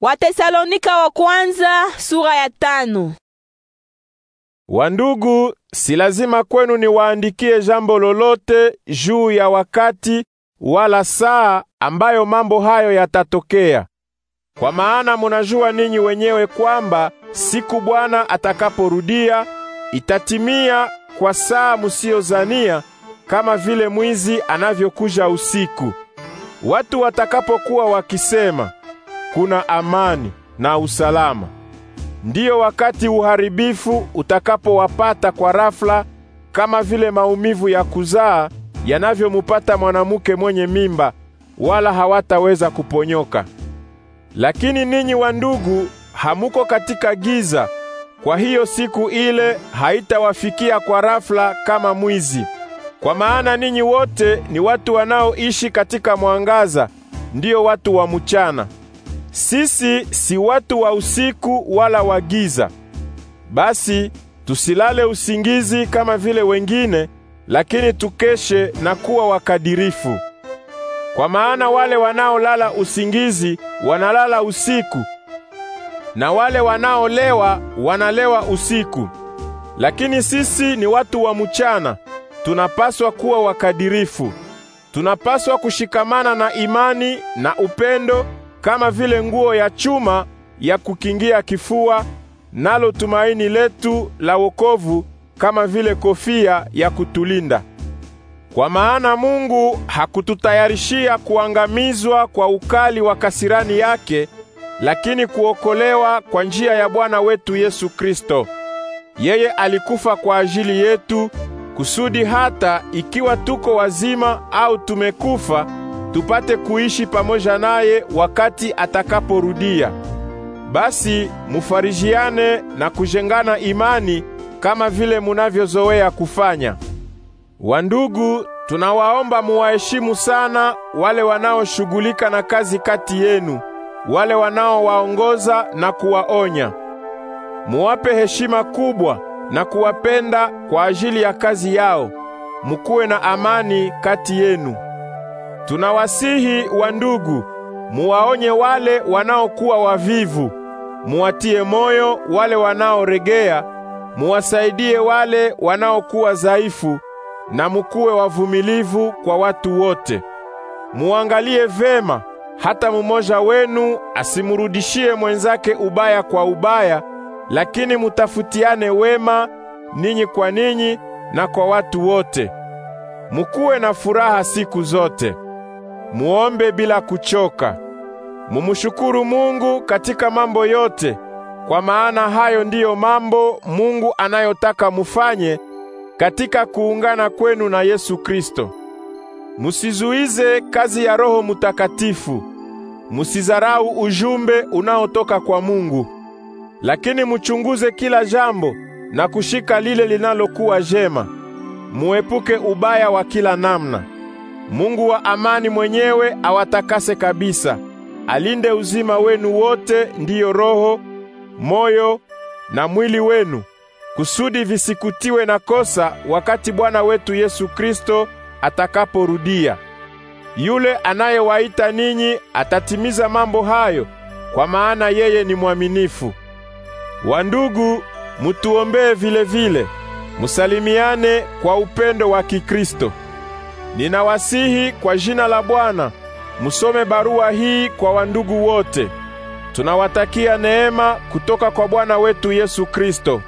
Watesalonika wa kwanza sura ya tano. Wandugu, si lazima kwenu niwaandikie jambo lolote juu ya wakati wala saa ambayo mambo hayo yatatokea, kwa maana munajua ninyi wenyewe kwamba siku Bwana atakaporudia itatimia kwa saa musiyozania, kama vile mwizi anavyokuja usiku. Watu watakapokuwa wakisema kuna amani na usalama. Ndiyo wakati uharibifu utakapowapata kwa rafla, kama vile maumivu ya kuzaa yanavyomupata mwanamke mwenye mimba, wala hawataweza kuponyoka. Lakini ninyi wandugu, hamuko katika giza, kwa hiyo siku ile haitawafikia kwa rafla kama mwizi. Kwa maana ninyi wote ni watu wanaoishi katika mwangaza, ndiyo watu wa mchana. Sisi si watu wa usiku wala wa giza. Basi tusilale usingizi kama vile wengine, lakini tukeshe na kuwa wakadirifu. Kwa maana wale wanaolala usingizi wanalala usiku, na wale wanaolewa wanalewa usiku. Lakini sisi ni watu wa mchana, tunapaswa kuwa wakadirifu. Tunapaswa kushikamana na imani na upendo kama vile nguo ya chuma ya kukingia kifua, nalo tumaini letu la wokovu kama vile kofia ya kutulinda. Kwa maana Mungu hakututayarishia kuangamizwa kwa ukali wa kasirani yake, lakini kuokolewa kwa njia ya Bwana wetu Yesu Kristo. Yeye alikufa kwa ajili yetu kusudi hata ikiwa tuko wazima au tumekufa tupate kuishi pamoja naye wakati atakaporudia. Basi mufarijiane na kujengana imani kama vile munavyozoea kufanya. Wandugu, tunawaomba muwaheshimu sana wale wanaoshughulika na kazi kati yenu, wale wanaowaongoza na kuwaonya. Muwape heshima kubwa na kuwapenda kwa ajili ya kazi yao. Mukuwe na amani kati yenu. Tunawasihi wandugu, muwaonye wale wanaokuwa wavivu, muwatie moyo wale wanaoregea, muwasaidie wale wanaokuwa dhaifu, na mukuwe wavumilivu kwa watu wote. Muangalie vema hata mumoja wenu asimurudishie mwenzake ubaya kwa ubaya, lakini mutafutiane wema ninyi kwa ninyi na kwa watu wote. Mukuwe na furaha siku zote muombe bila kuchoka. Mumshukuru Mungu katika mambo yote, kwa maana hayo ndiyo mambo Mungu anayotaka mufanye katika kuungana kwenu na Yesu Kristo. Musizuize kazi ya Roho Mutakatifu, musizarau ujumbe unaotoka kwa Mungu, lakini muchunguze kila jambo na kushika lile linalokuwa jema. Muepuke ubaya wa kila namna. Mungu wa amani mwenyewe awatakase kabisa. Alinde uzima wenu wote, ndiyo roho, moyo na mwili wenu, kusudi visikutiwe na kosa wakati Bwana wetu Yesu Kristo atakaporudia. Yule anayewaita ninyi atatimiza mambo hayo, kwa maana yeye ni mwaminifu. Wandugu, mutuombee vile vile. Musalimiane kwa upendo wa Kikristo. Ninawasihi kwa jina la Bwana musome barua hii kwa wandugu wote. Tunawatakia neema kutoka kwa Bwana wetu Yesu Kristo.